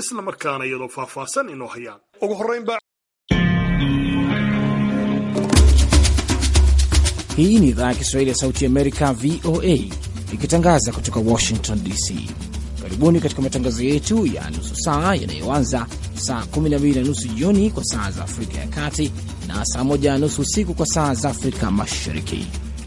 isla markaana iyadoo faahfaahsan inoo hayaan ugu horeynba hii ni idhaa ya Kiswahili ya Sauti Amerika, VOA, ikitangaza kutoka Washington DC. Karibuni katika matangazo yetu ya nusu saa yanayoanza saa 12 na nusu jioni kwa saa za Afrika ya Kati na saa 1 na nusu usiku kwa saa za Afrika Mashariki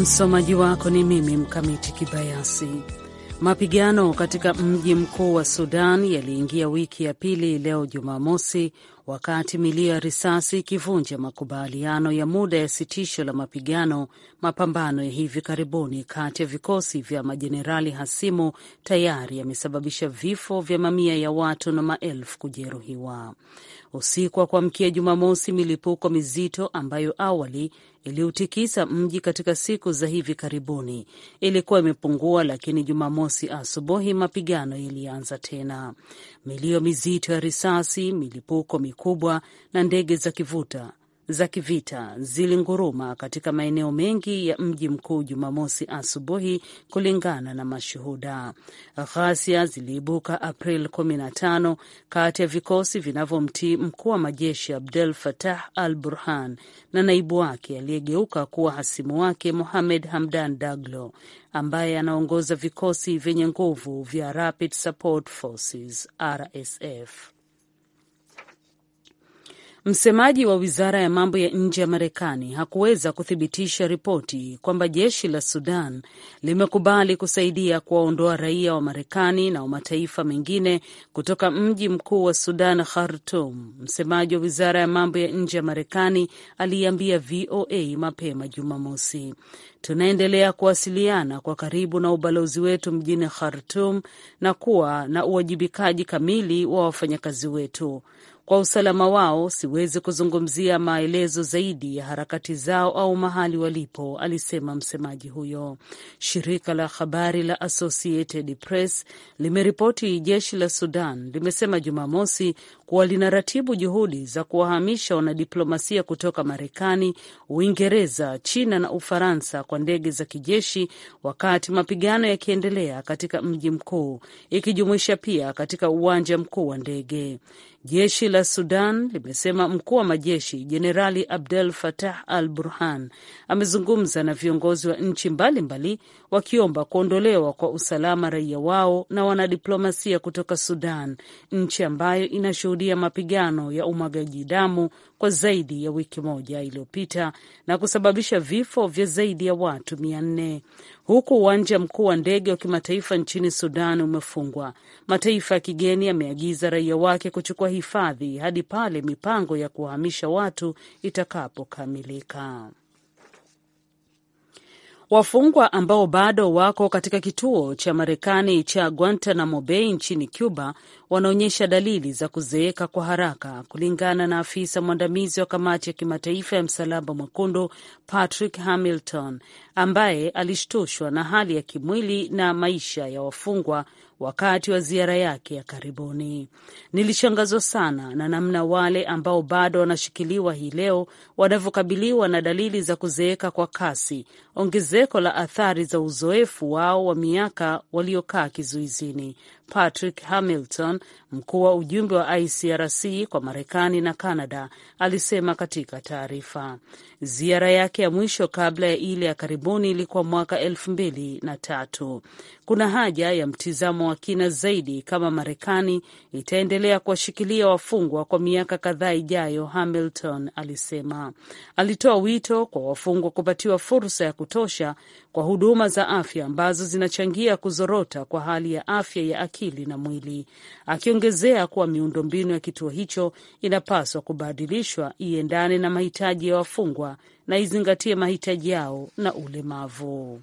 Msomaji wako ni mimi Mkamiti Kibayasi. Mapigano katika mji mkuu wa Sudan yaliingia wiki ya pili leo Jumamosi, wakati milio ya risasi ikivunja makubaliano ya muda ya sitisho la mapigano, mapambano ya hivi karibuni kati ya vikosi vya majenerali hasimu tayari yamesababisha vifo vya mamia ya watu na maelfu kujeruhiwa. Usiku wa kuamkia Jumamosi, milipuko mizito ambayo awali iliutikisa mji katika siku za hivi karibuni ilikuwa imepungua, lakini Jumamosi asubuhi mapigano yalianza tena milio mizito ya risasi, milipuko mikubwa na ndege za kivuta za kivita zilinguruma katika maeneo mengi ya mji mkuu Jumamosi asubuhi, kulingana na mashuhuda. Ghasia ziliibuka April 15 kati ya vikosi vinavyomtii mkuu wa majeshi Abdel Fattah al Burhan na naibu wake aliyegeuka kuwa hasimu wake Mohamed Hamdan Daglo ambaye anaongoza vikosi vyenye nguvu vya Rapid Support Forces RSF. Msemaji wa wizara ya mambo ya nje ya Marekani hakuweza kuthibitisha ripoti kwamba jeshi la Sudan limekubali kusaidia kuwaondoa raia wa Marekani na wa mataifa mengine kutoka mji mkuu wa Sudan, Khartum. Msemaji wa wizara ya mambo ya nje ya Marekani aliambia VOA mapema Jumamosi, tunaendelea kuwasiliana kwa karibu na ubalozi wetu mjini Khartum na kuwa na uwajibikaji kamili wa wafanyakazi wetu kwa usalama wao, siwezi kuzungumzia maelezo zaidi ya harakati zao au mahali walipo, alisema msemaji huyo. Shirika la habari la Associated Press limeripoti jeshi la Sudan limesema Jumamosi kuwa linaratibu juhudi za kuwahamisha wanadiplomasia kutoka Marekani, Uingereza, China na Ufaransa kwa ndege za kijeshi, wakati mapigano yakiendelea katika mji mkuu, ikijumuisha pia katika uwanja mkuu wa ndege. Jeshi la Sudan limesema mkuu wa majeshi Jenerali Abdel Fattah al Burhan amezungumza na viongozi wa nchi mbalimbali wakiomba kuondolewa kwa usalama raia wao na wanadiplomasia kutoka Sudan, nchi ambayo inashuhudia mapigano ya umwagaji damu kwa zaidi ya wiki moja iliyopita na kusababisha vifo vya zaidi ya watu mia nne huku uwanja mkuu wa ndege wa kimataifa nchini Sudan umefungwa. Mataifa ya kigeni yameagiza raia wake kuchukua hifadhi hadi pale mipango ya kuwahamisha watu itakapokamilika. Wafungwa ambao bado wako katika kituo cha Marekani cha Guantanamo Bay nchini Cuba wanaonyesha dalili za kuzeeka kwa haraka, kulingana na afisa mwandamizi wa kamati ya kimataifa ya Msalaba Mwekundu Patrick Hamilton ambaye alishtushwa na hali ya kimwili na maisha ya wafungwa wakati wa ziara yake ya karibuni. Nilishangazwa sana na namna wale ambao bado wanashikiliwa hii leo wanavyokabiliwa na dalili za kuzeeka kwa kasi, ongezeko la athari za uzoefu wao wa miaka waliokaa kizuizini, Patrick Hamilton, mkuu wa ujumbe wa ICRC kwa Marekani na canada alisema katika taarifa. Ziara yake ya mwisho kabla ya ile ya karibuni ilikuwa mwaka elfu mbili na tatu kuna haja ya mtizamo wa kina zaidi kama Marekani itaendelea kuwashikilia wafungwa kwa miaka kadhaa ijayo, Hamilton alisema. Alitoa wito kwa wafungwa kupatiwa fursa ya kutosha kwa huduma za afya ambazo zinachangia kuzorota kwa hali ya afya ya akili na mwili, akiongezea kuwa miundombinu ya kituo hicho inapaswa kubadilishwa iendane na mahitaji ya wafungwa na izingatie mahitaji yao na ulemavu.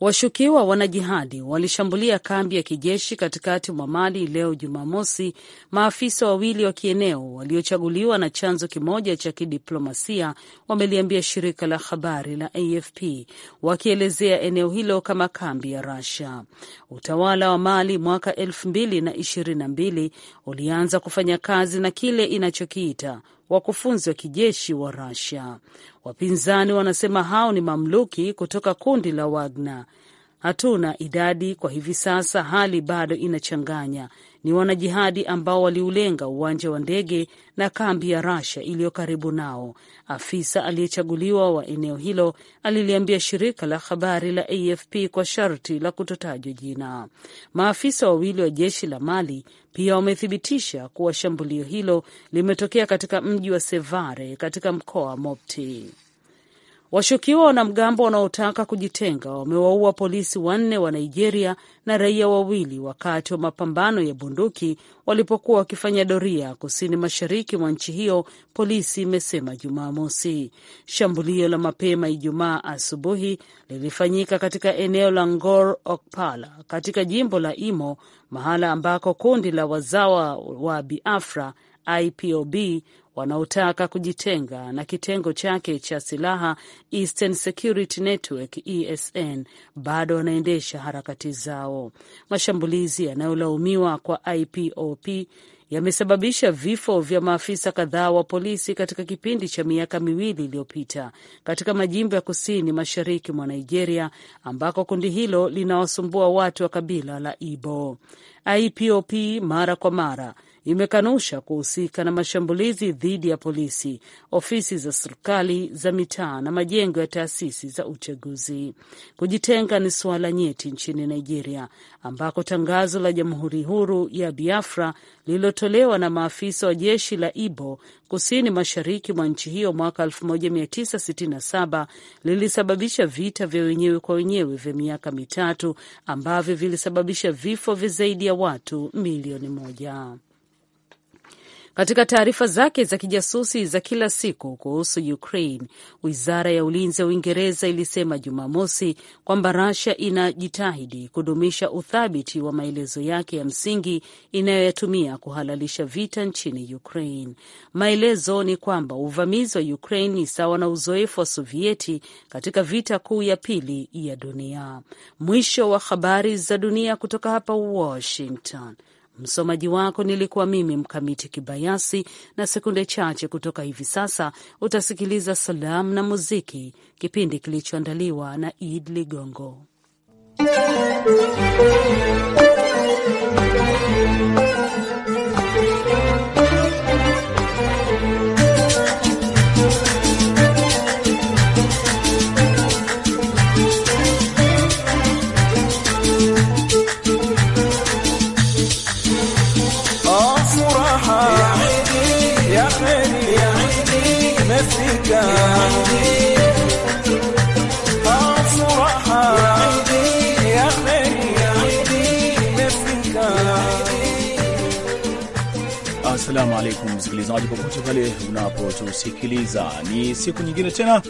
Washukiwa wanajihadi walishambulia kambi ya kijeshi katikati mwa Mali leo Jumamosi, maafisa wawili wa kieneo waliochaguliwa na chanzo kimoja cha kidiplomasia wameliambia shirika la habari la AFP, wakielezea eneo hilo kama kambi ya rasia Utawala wa Mali mwaka elfu mbili na ishirini na mbili ulianza kufanya kazi na kile inachokiita wakufunzi wa kijeshi wa rasia Wapinzani wanasema hao ni mamluki kutoka kundi la Wagner Hatuna idadi kwa hivi sasa, hali bado inachanganya. Ni wanajihadi ambao waliulenga uwanja wa ndege na kambi ya Russia iliyo karibu nao, afisa aliyechaguliwa wa eneo hilo aliliambia shirika la habari la AFP kwa sharti la kutotajwa jina. Maafisa wawili wa jeshi la Mali pia wamethibitisha kuwa shambulio hilo limetokea katika mji wa Sevare katika mkoa wa Mopti. Washukiwa wanamgambo wanaotaka kujitenga wamewaua polisi wanne wa Nigeria na raia wawili wakati wa mapambano ya bunduki walipokuwa wakifanya doria kusini mashariki mwa nchi hiyo, polisi imesema Jumamosi. Shambulio la mapema Ijumaa asubuhi lilifanyika katika eneo la Ngor Okpala katika jimbo la Imo, mahala ambako kundi la wazawa wa Biafra IPOB wanaotaka kujitenga na kitengo chake cha silaha Eastern Security Network ESN bado wanaendesha harakati zao. Mashambulizi yanayolaumiwa kwa IPOP yamesababisha vifo vya maafisa kadhaa wa polisi katika kipindi cha miaka miwili iliyopita katika majimbo ya kusini mashariki mwa Nigeria ambako kundi hilo linawasumbua watu wa kabila la Ibo. IPOP mara kwa mara imekanusha kuhusika na mashambulizi dhidi ya polisi, ofisi za serikali za mitaa na majengo ya taasisi za uchaguzi. Kujitenga ni suala nyeti nchini Nigeria, ambako tangazo la jamhuri huru ya Biafra lililotolewa na maafisa wa jeshi la Ibo kusini mashariki mwa nchi hiyo mwaka 1967 lilisababisha vita vya wenyewe kwa wenyewe vya miaka mitatu ambavyo vilisababisha vifo vya zaidi ya watu milioni moja. Katika taarifa zake za kijasusi za kila siku kuhusu Ukraine, wizara ya ulinzi ya Uingereza ilisema Jumamosi kwamba Russia inajitahidi kudumisha uthabiti wa maelezo yake ya msingi inayoyatumia kuhalalisha vita nchini Ukraine. Maelezo ni kwamba uvamizi wa Ukraine ni sawa na uzoefu wa Sovieti katika vita kuu ya pili ya dunia. Mwisho wa habari za dunia kutoka hapa Washington. Msomaji wako nilikuwa mimi Mkamiti Kibayasi, na sekunde chache kutoka hivi sasa utasikiliza salamu na muziki, kipindi kilichoandaliwa na Id Ligongo. alaikum msikilizaji, popote pale unapotusikiliza, ni siku nyingine tena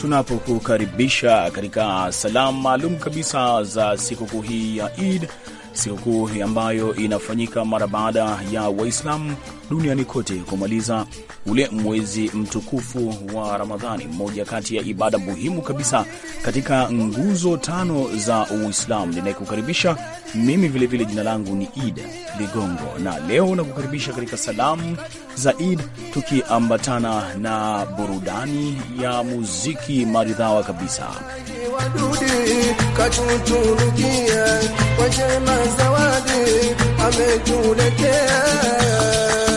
tunapokukaribisha katika salamu maalum kabisa za sikukuu hii ya id sikukuu ambayo inafanyika mara baada ya Waislamu duniani kote kumaliza ule mwezi mtukufu wa Ramadhani, mmoja kati ya ibada muhimu kabisa katika nguzo tano za Uislamu. Ninayekukaribisha mimi vilevile, jina langu ni Id Ligongo, na leo nakukaribisha katika salamu za Id tukiambatana na burudani ya muziki maridhawa kabisa Wadudi, katuturukia, wajema zawadi ametuletea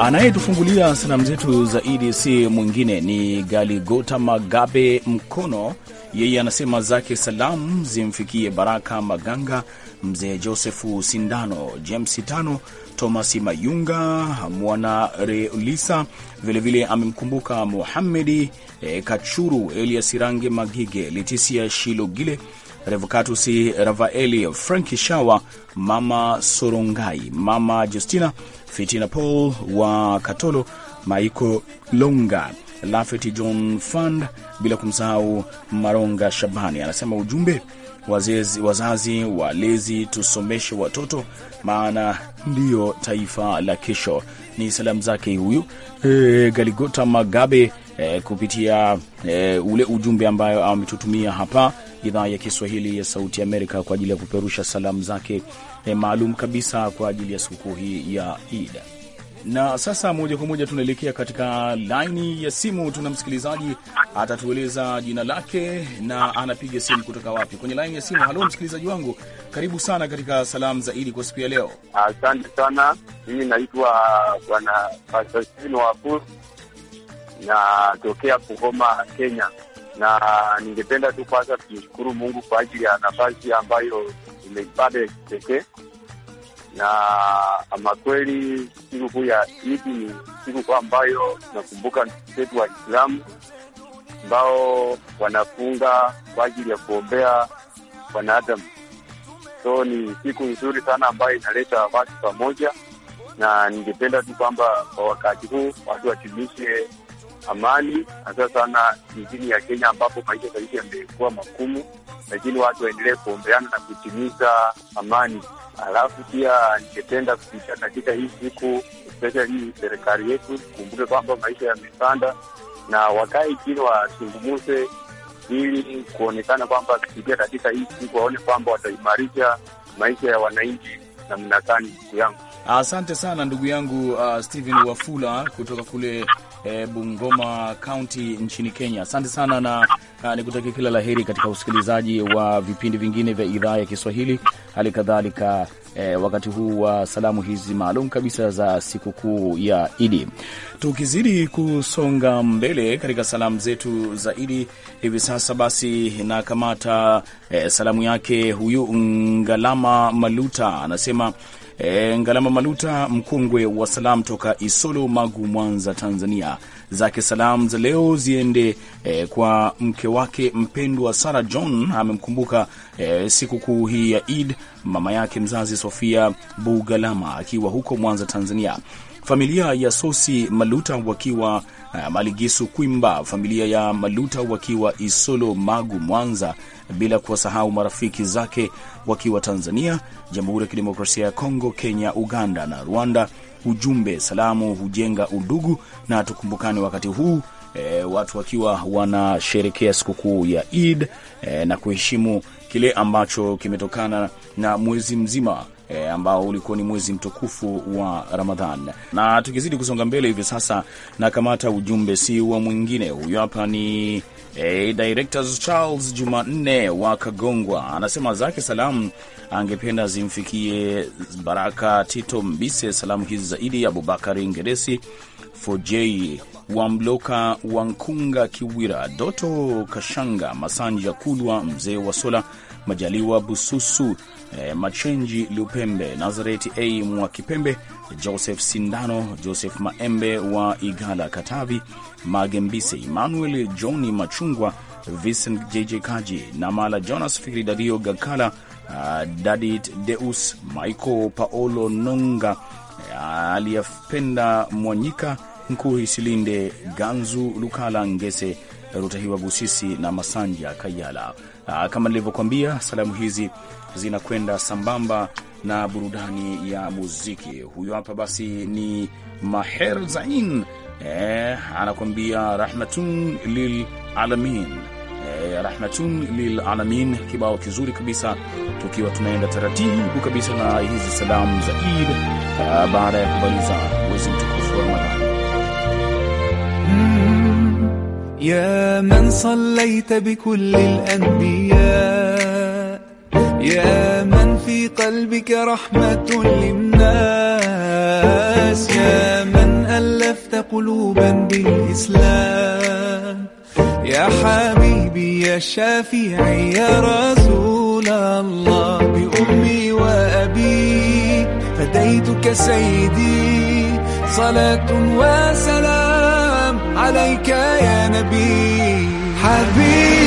Anayetufungulia salamu zetu zaidi si mwingine ni Galigota Magabe Mkono. Yeye anasema zake salamu zimfikie Baraka Maganga, Mzee Josefu Sindano, James Tano, Thomas Mayunga, Mwana Reulisa. Vilevile amemkumbuka Muhamedi eh, Kachuru, Elias Range Magige, Letisia Shilogile Revocatus Ravaeli, Franki Shawa, Mama Sorongai, Mama Justina Fitina, Paul wa Katolo, Maiko Longa, Lafeti John Fund, bila kumsahau Maronga Shabani. Anasema ujumbe Wazazi, wazazi walezi, tusomeshe watoto, maana ndiyo taifa la kesho. Ni salamu zake huyu e, Galigota Magabe e, kupitia e, ule ujumbe ambayo ametutumia hapa idhaa ya Kiswahili ya Sauti Amerika kwa ajili ya kupeperusha salamu zake eh, maalum kabisa kwa ajili ya sikukuu hii ya id Na sasa moja kwa moja tunaelekea katika laini ya simu. Tuna msikilizaji atatueleza jina lake na anapiga simu kutoka wapi kwenye laini ya simu. Halo msikilizaji wangu, karibu sana katika salamu za Idi kwa siku ya leo. Asante sana. Mimi naitwa Bwana Pasasino Wapur, natokea Kugoma, Kenya na ningependa tu kwanza tumshukuru Mungu kwa ajili ya nafasi ambayo imeipata ya kipekee, na ama kweli siku kuu ya Idi ni siku kuu ambayo tunakumbuka wa islamu ambao wanafunga kwa ajili ya kuombea wanadamu. So ni siku nzuri sana ambayo inaleta watu pamoja, na ningependa tu kwamba kwa wakati huu watu watimishe amani, hasa sana nchini ya Kenya ambapo maisha zaidi yamekuwa magumu, lakini watu waendelee kuombeana na kutimiza amani. Alafu pia ningependa kupitia katika hii siku especially serikali yetu kumbuke kwamba maisha yamepanda, na wakae chini wazungumze, ili kuonekana kwamba kupitia katika hii siku waone kwamba wataimarisha maisha ya wananchi namna gani. Ndugu yangu, asante sana ndugu yangu uh, Steven Wafula kutoka kule e, Bungoma County nchini Kenya. Asante sana na uh, nikutakia kila la heri katika usikilizaji wa vipindi vingine vya idhaa ya Kiswahili, hali kadhalika e, wakati huu wa salamu hizi maalum kabisa za sikukuu ya Idi. Tukizidi kusonga mbele katika salamu zetu za Idi hivi sasa, basi nakamata e, salamu yake huyu Ngalama Maluta anasema E, Ngalama Maluta mkongwe wa salam toka Isolo Magu, Mwanza, Tanzania, zake salam za leo ziende e, kwa mke wake mpendwa Sara John, amemkumbuka e, sikukuu hii ya Eid mama yake mzazi Sofia Bugalama akiwa huko Mwanza, Tanzania, familia ya Sosi Maluta wakiwa uh, Maligisu Kwimba, familia ya Maluta wakiwa Isolo Magu, Mwanza bila kuwasahau marafiki zake wakiwa Tanzania, Jamhuri ya Kidemokrasia ya Kongo, Kenya, Uganda na Rwanda. Ujumbe salamu hujenga udugu, na tukumbukane wakati huu e, watu wakiwa wanasherekea sikukuu ya Eid e, na kuheshimu kile ambacho kimetokana na mwezi mzima e, ambao ulikuwa ni mwezi mtukufu wa Ramadhan. Na tukizidi kusonga mbele hivi sasa, na kamata ujumbe si wa mwingine, huyo hapa ni e, Directors Charles Jumanne wa Kagongwa, anasema zake salamu angependa zimfikie Baraka Tito Mbise, salamu hizi zaidi Abubakari Ngeresi Fojei wa Mloka wa Nkunga Kiwira Doto Kashanga Masanja Kulwa mzee wa Sola Majaliwa Bususu, eh, Machenji Lupembe, Nazareti A Mwakipembe, Joseph Sindano, Joseph Maembe wa Igala Katavi, Magembise Emmanuel Johni Machungwa, Vincent JJ Kaji na Mala Jonas Fikiri, Gakala, uh, Dadit Deus Michael Paolo Nonga, uh, eh, Aliyapenda Mwanyika Nkuhi Silinde, Ganzu Lukala Ngese Rutahiwa Busisi na Masanja Kayala. Aa, ah, kama nilivyokuambia salamu hizi zinakwenda sambamba na burudani ya muziki. Huyo hapa basi ni Maher Zain eh, anakuambia rahmatun lil alamin eh, rahmatun lil alamin, kibao kizuri kabisa, tukiwa tunaenda taratibu kabisa na hizi salamu za Eid ah, baada ya kumaliza mwezi mtukufu يا من صليت بكل الأنبياء يا من في قلبك رحمة للناس يا من ألفت قلوبا بالإسلام يا حبيبي يا شافعي يا رسول الله بأمي وأبي فديتك سيدي صلاة وسلام عليك يا نبي حبيبي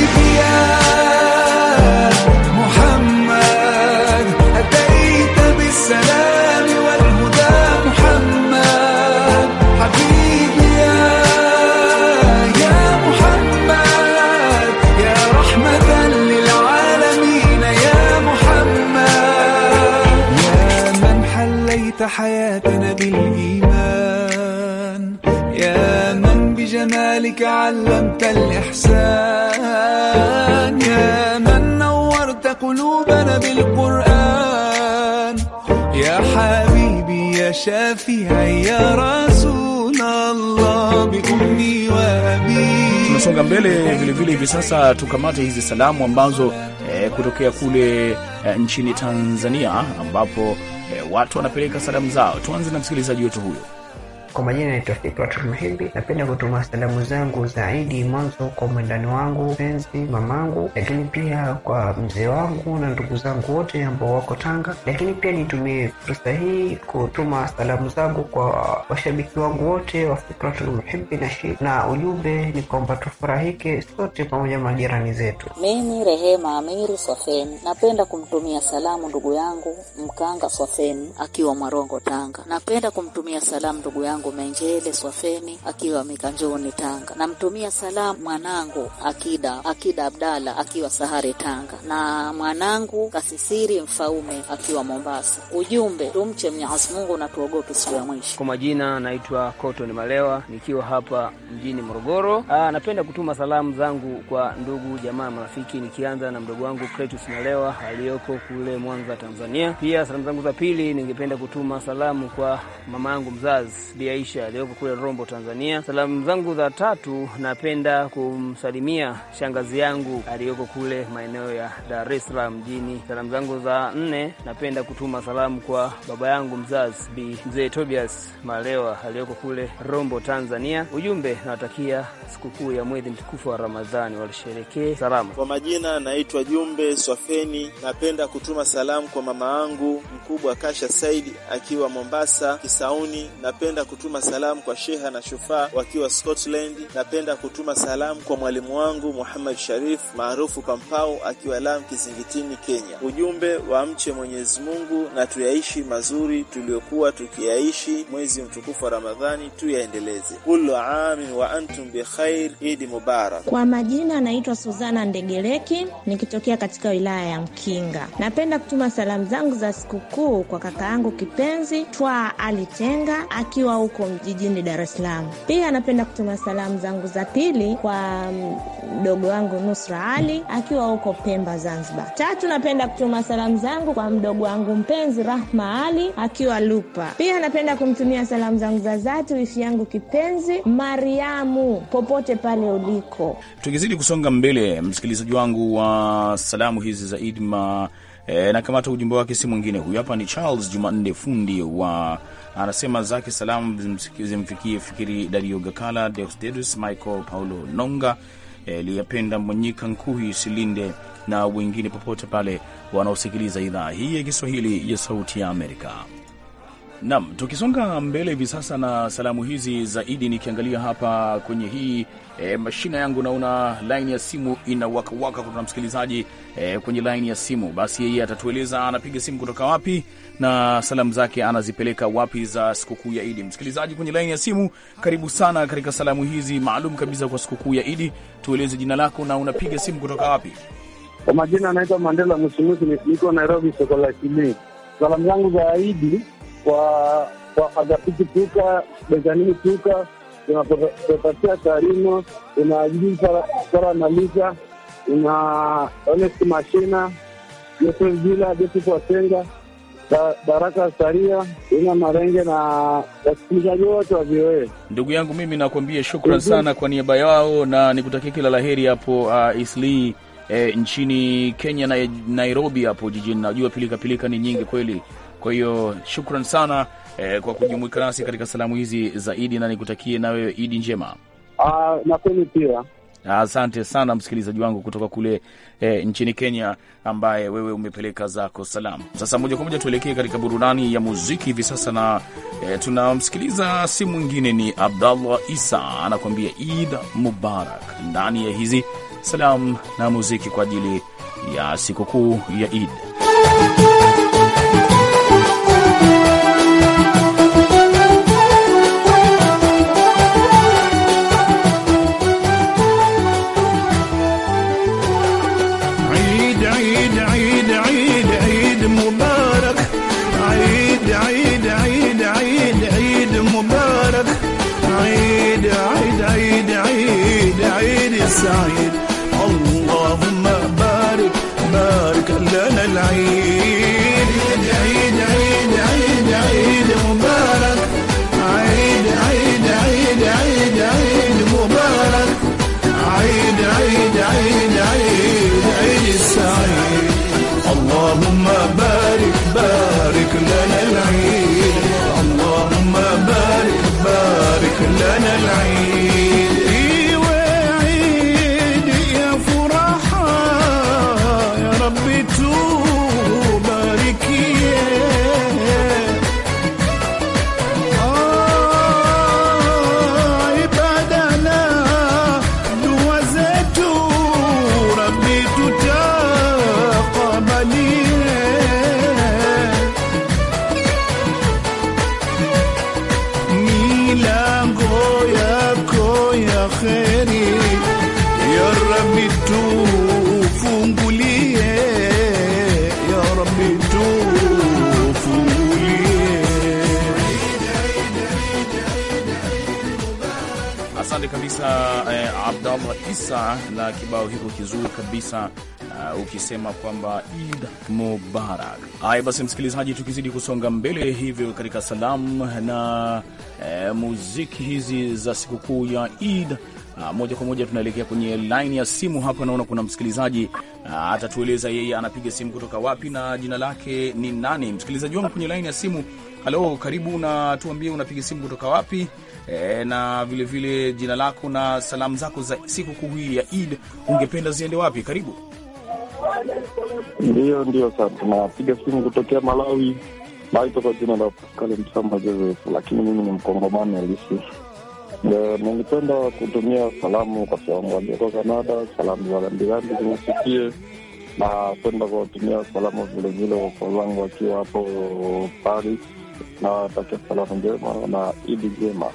لك الإحسان يا من نورت قلوبنا بالقرآن يا حبيبي يا شافعي يا رسول الله بأمي وأبي tunasonga mbele vilevile hivi sasa tukamate hizi salamu ambazo e, kutokea kule e, nchini Tanzania ambapo e, watu wanapeleka salamu zao. Tuanze na msikilizaji wetu huyo. Kwa majina naitwa Fikipatrol Mahimbi. Napenda kutuma salamu zangu zaidi mwanzo kwa mwendani wangu penzi mamangu, lakini pia kwa mzee wangu na ndugu zangu wote ambao wako Tanga, lakini pia nitumie fursa hii kutuma salamu zangu kwa washabiki wangu wote wa Fikipatrol Mahimbi na, na ujumbe ni kwamba tufurahike sote pamoja majirani zetu. Mimi Rehema Amiri Swafeni napenda kumtumia salamu ndugu yangu Mkanga Swafeni akiwa Mwarongo Tanga. Napenda kumtumia salamu ndugu yangu mwanangu Menjele Swafeni akiwa Mikanjoni Tanga. Namtumia salamu mwanangu Akida Akida Abdala akiwa Sahare Tanga, na mwanangu Kasisiri Mfaume akiwa Mombasa. Ujumbe, tumche Mwenyezi Mungu na tuogope siku ya mwisho. Kwa majina naitwa Cotton Malewa nikiwa hapa mjini Morogoro. Aa, ah, napenda kutuma salamu zangu kwa ndugu jamaa marafiki, nikianza na mdogo wangu Kretus Malewa aliyoko kule Mwanza, Tanzania. Pia salamu zangu za pili ningependa kutuma salamu kwa mama yangu mzazi Aisha aliyoko kule Rombo, Tanzania. Salamu zangu za tatu, napenda kumsalimia shangazi yangu aliyoko kule maeneo ya Dar es Salaam mjini. Salamu zangu za nne, napenda kutuma salamu kwa baba yangu mzazi Bi Mzee Tobias Malewa aliyoko kule Rombo, Tanzania. Ujumbe, nawatakia sikukuu ya mwezi mtukufu wa Ramadhani, walisherekee salama. Kwa majina naitwa Jumbe Swafeni, napenda kutuma salamu kwa mama yangu mkubwa Kasha Saidi akiwa Mombasa Kisauni, napenda kutuma kutuma salamu kwa Sheha na Shufaa wakiwa Scotland. Napenda kutuma salamu kwa mwalimu wangu Muhammad Sharif maarufu Pampau akiwa Lamu Kizingitini, Kenya. Ujumbe wa mche Mwenyezi Mungu na tuyaishi mazuri tuliyokuwa tukiyaishi mwezi mtukufu wa Ramadhani, tuyaendeleze. Kullu amin wa antum bi khair. Idi mubarak. Kwa majina anaitwa Suzana Ndegereki nikitokea katika wilaya ya Mkinga. Napenda kutuma salamu zangu za sikukuu kwa kaka yangu kipenzi Twaa Alitenga akiwa huko jijini Dar es Salaam. Pia napenda kutuma salamu zangu za pili kwa mm, mdogo wangu Nusra Ali akiwa huko Pemba, Zanzibar. Tatu, napenda kutuma salamu zangu kwa mdogo wangu mpenzi Rahma Ali akiwa Lupa. Pia napenda kumtumia salamu zangu za zatu wifi yangu kipenzi Mariamu popote pale uliko. Tukizidi kusonga mbele, msikilizaji wangu wa salamu hizi za Idma e, na ujumbe wake si mwingine huyu hapa ni Charles Jumanne, fundi wa anasema zake salamu zimfikie Fikiri Dario Gakala, Deusdedus Michael Paulo Nonga, Eliyapenda Mwenyika, Nkuhi Silinde na wengine popote pale wanaosikiliza idhaa hii ya Kiswahili ya Sauti ya Amerika nam tukisonga mbele hivi sasa na salamu hizi zaidi, nikiangalia hapa kwenye hii e, mashina yangu naona laini ya simu ina wakawaka. Kuna msikilizaji e, kwenye laini ya simu, basi yeye atatueleza anapiga simu kutoka wapi na salamu zake anazipeleka wapi za sikukuu ya Idi. Msikilizaji kwenye laini ya simu, karibu sana katika salamu hizi maalum kabisa kwa sikukuu ya Idi. Tueleze jina lako na unapiga simu kutoka wapi? Kwa majina anaitwa Mandela Musimusi, niko Nairobi, soko la Kilii. Salamu zangu za Idi kwa kwa Agapiti Tuka, Benjamini Tuka, unapatia Tarimo, una Jiji Sara Malika, una Honest Mashina, Joseph Jila, Joseph Baraka Saria, ina Marenge na wasikilizaji wote wa VOA. Ndugu yangu mimi nakwambia shukran sana kwa niaba yao na nikutakia kila laheri hapo uh, Isli eh, nchini Kenya na Nairobi hapo jijini. Najua pilikapilika ni nyingi kweli kwa hiyo shukran sana eh, kwa kujumuika nasi katika salamu hizi za Idi na nikutakie na wewe Idi njema. Ah, na kwenu pia. Asante sana msikilizaji wangu kutoka kule e, nchini Kenya, ambaye wewe umepeleka zako salamu. Sasa moja kwa moja tuelekee katika burudani ya muziki hivi sasa, na e, tunamsikiliza si mwingine ni Abdallah Isa anakuambia Eid Mubarak ndani ya hizi salamu na muziki kwa ajili ya sikukuu ya Eid. Asante kabisa eh, Abdallah Isa na kibao hiko kizuri kabisa uh, ukisema kwamba id Mubarak. Haya basi, msikilizaji, tukizidi kusonga mbele hivyo katika salamu na eh, muziki hizi za sikukuu ya id Uh, moja kwa moja tunaelekea kwenye line ya simu hapa. Naona kuna msikilizaji uh, atatueleza yeye anapiga simu kutoka wapi na jina lake ni nani. Msikilizaji wangu kwenye line ya simu, halo, karibu na tuambie unapiga simu kutoka wapi, e, na vilevile vile jina lako na salamu zako za sikukuu hii ya Eid ungependa ziende wapi? Karibu. ndio ndio sasa tunapiga simu kutokea Malawi. Naitwa kwa jina la Pascal Msamba Joseph, lakini mimi ni mkongomani halisi. Eh, ningependa kutumia salamu kwa sababu walioko Kanada, salamu za rambirambi zimesikie, na kwenda kuwatumia salamu vilevile wapole wakiwa hapo Paris, na watakia salamu njema na Idi njema.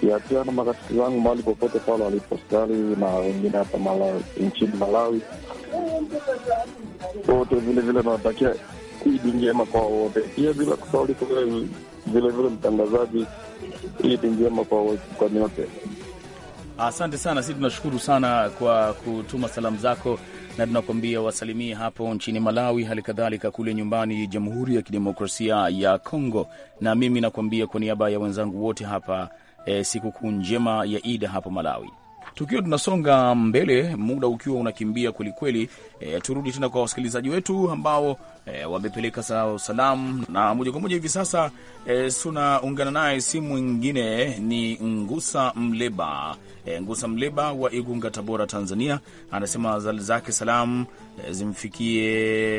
Pia na marafiki zangu mahali popote pale waliposkari na wengine hapa nchini Malawi, wote vilevile nawatakia Idi njema kwa wote, pia bila kusahau vile vile mtangazaji. Idi njema kwa nyote asante sana. Sisi tunashukuru sana kwa kutuma salamu zako na tunakuambia wasalimie hapo nchini Malawi, hali kadhalika kule nyumbani Jamhuri ya Kidemokrasia ya Kongo. Na mimi nakuambia kwa niaba ya wenzangu wote hapa e, sikukuu njema ya Ida hapo Malawi. Tukiwa tunasonga mbele, muda ukiwa unakimbia kwelikweli, e, turudi tena kwa wasikilizaji wetu ambao e, wamepeleka salamu na moja kwa moja hivi sasa e, tunaungana naye, si mwingine ni Ngusa Mleba e, Ngusa Mleba wa Igunga, Tabora, Tanzania, anasema zali zake salamu e, zimfikie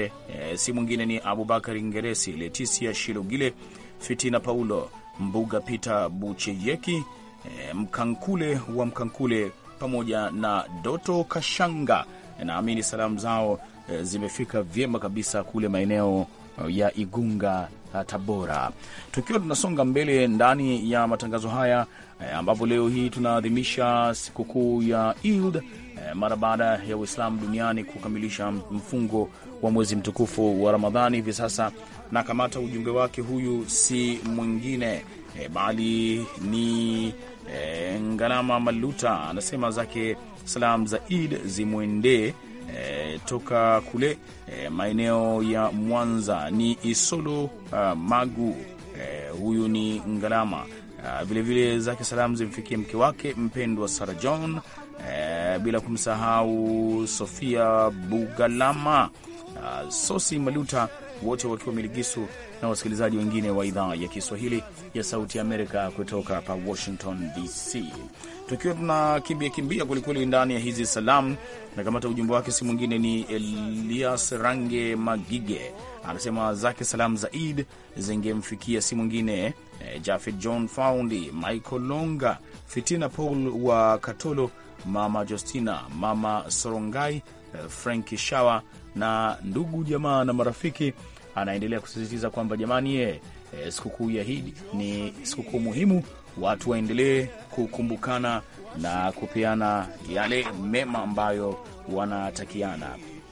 e, si mwingine ni Abubakar Ngeresi, Letisia Shilogile, Fitina Paulo Mbuga, Peter Bucheyeki e, Mkankule wa Mkankule pamoja na Doto Kashanga. Naamini salamu zao eh, zimefika vyema kabisa kule maeneo eh, ya Igunga, eh, Tabora. Tukiwa tunasonga mbele ndani ya matangazo haya ambapo leo hii tunaadhimisha sikukuu ya Eid mara baada ya Uislamu duniani kukamilisha mfungo wa mwezi mtukufu wa Ramadhani. Hivi sasa nakamata ujumbe wake, huyu si mwingine e, bali ni E, Ngalama Maluta anasema zake salamu za Eid zimwendee E, toka kule e, maeneo ya Mwanza ni Isolo uh, Magu e, huyu ni Ngalama uh, ah, vilevile zake salamu zimfikie mke wake mpendwa Sara John uh, bila kumsahau Sofia Bugalama uh, Sosi Maluta wote wakiwa Miligisu na wasikilizaji wengine wa idhaa ya Kiswahili ya Sauti Amerika kutoka hapa Washington DC. Tukiwa tunakimbia kimbia kwelikweli ndani ya hizi salamu, nakamata ujumbe wake, si mwingine ni Elias Range Magige, anasema zake salamu za Eid zingemfikia si mwingine eh, Jafet John Faundi, Michael Longa, Fitina Paul wa Katolo, Mama Justina, Mama Sorongai, eh, Franki Shawa na ndugu jamaa na marafiki anaendelea kusisitiza kwamba jamani, ye e, sikukuu ya Idi ni sikukuu muhimu, watu waendelee kukumbukana na kupeana yale mema ambayo wanatakiana.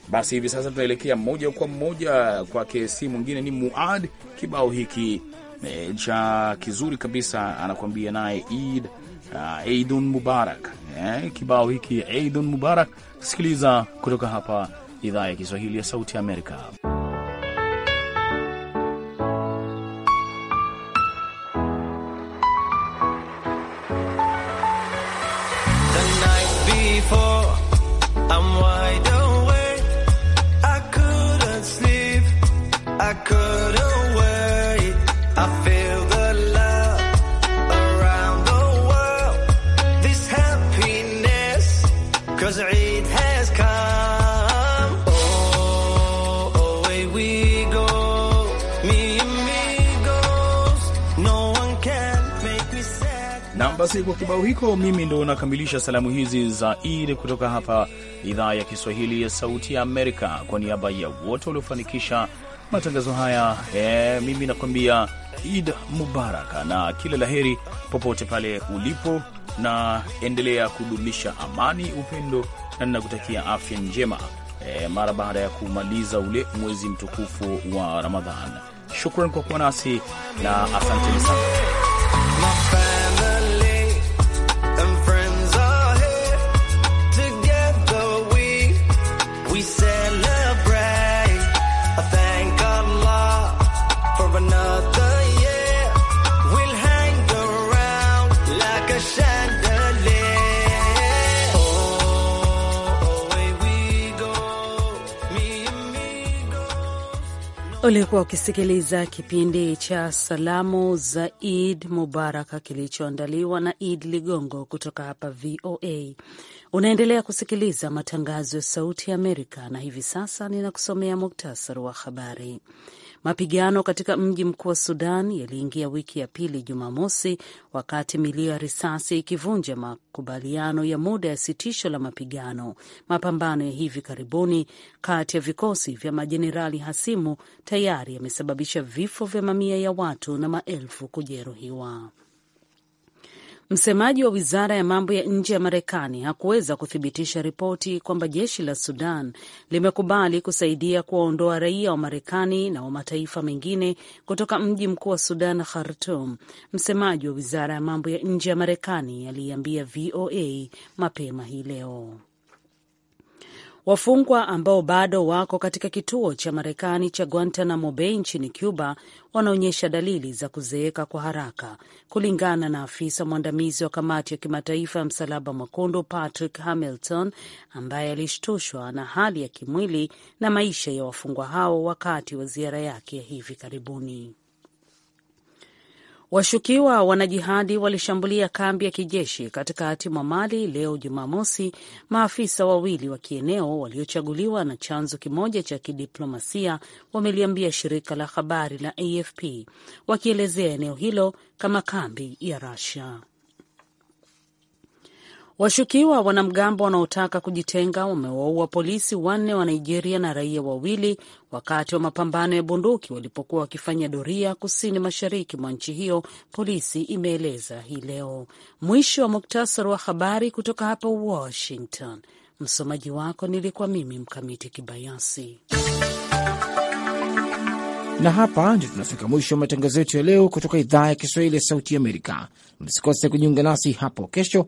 Basi hivi sasa tunaelekea moja kwa moja kwake, si mwingine ni Muad. Kibao hiki e, cha kizuri kabisa anakuambia naye Eid uh, Eidun Mubarak eh, kibao hiki Eidun Mubarak. Sikiliza kutoka hapa idhaa ya Kiswahili ya Sauti ya Amerika. wide open. Basi kwa kibao hiko, mimi ndo nakamilisha salamu hizi za Idi kutoka hapa idhaa ya Kiswahili ya Sauti ya Amerika. Kwa niaba ya wote waliofanikisha matangazo haya e, mimi nakwambia Id mubaraka na kila laheri popote pale ulipo, na endelea kudumisha amani, upendo na ninakutakia afya njema e, mara baada ya kumaliza ule mwezi mtukufu wa Ramadhan. Shukran kwa kuwa nasi na asanteni sana. Ulikuwa ukisikiliza kipindi cha salamu za id Mubaraka kilichoandaliwa na id Ligongo kutoka hapa VOA. Unaendelea kusikiliza matangazo ya Sauti ya Amerika, na hivi sasa ninakusomea muktasari wa habari. Mapigano katika mji mkuu wa Sudan yaliingia wiki ya pili Jumamosi, wakati milio ya risasi ikivunja makubaliano ya muda ya sitisho la mapigano, mapambano ya hivi karibuni kati ya vikosi vya majenerali hasimu tayari yamesababisha vifo vya mamia ya watu na maelfu kujeruhiwa. Msemaji wa wizara ya mambo ya nje ya Marekani hakuweza kuthibitisha ripoti kwamba jeshi la Sudan limekubali kusaidia kuwaondoa raia wa Marekani na wa mataifa mengine kutoka mji mkuu wa Sudan, Khartum. Msemaji wa wizara ya mambo ya nje ya Marekani aliiambia VOA mapema hii leo. Wafungwa ambao bado wako katika kituo cha Marekani cha Guantanamo Bay nchini Cuba wanaonyesha dalili za kuzeeka kwa haraka, kulingana na afisa mwandamizi wa kamati ya kimataifa ya Msalaba Mwekundu Patrick Hamilton, ambaye alishtushwa na hali ya kimwili na maisha ya wafungwa hao wakati wa ziara yake ya hivi karibuni. Washukiwa wanajihadi walishambulia kambi ya kijeshi katikati mwa Mali leo Jumamosi, maafisa wawili wa kieneo waliochaguliwa na chanzo kimoja cha kidiplomasia wameliambia shirika la habari la AFP, wakielezea eneo hilo kama kambi ya Russia. Washukiwa wanamgambo wanaotaka kujitenga wamewaua polisi wanne wa Nigeria na raia wawili wakati wa mapambano ya bunduki walipokuwa wakifanya doria kusini mashariki mwa nchi hiyo, polisi imeeleza hii leo. Mwisho wa muktasari wa habari kutoka hapa Washington. Msomaji wako nilikuwa mimi Mkamiti Kibayasi, na hapa ndio tunafika mwisho wa matangazo yetu ya leo kutoka idhaa ya Kiswahili ya Sauti Amerika. Msikose kujiunga nasi hapo kesho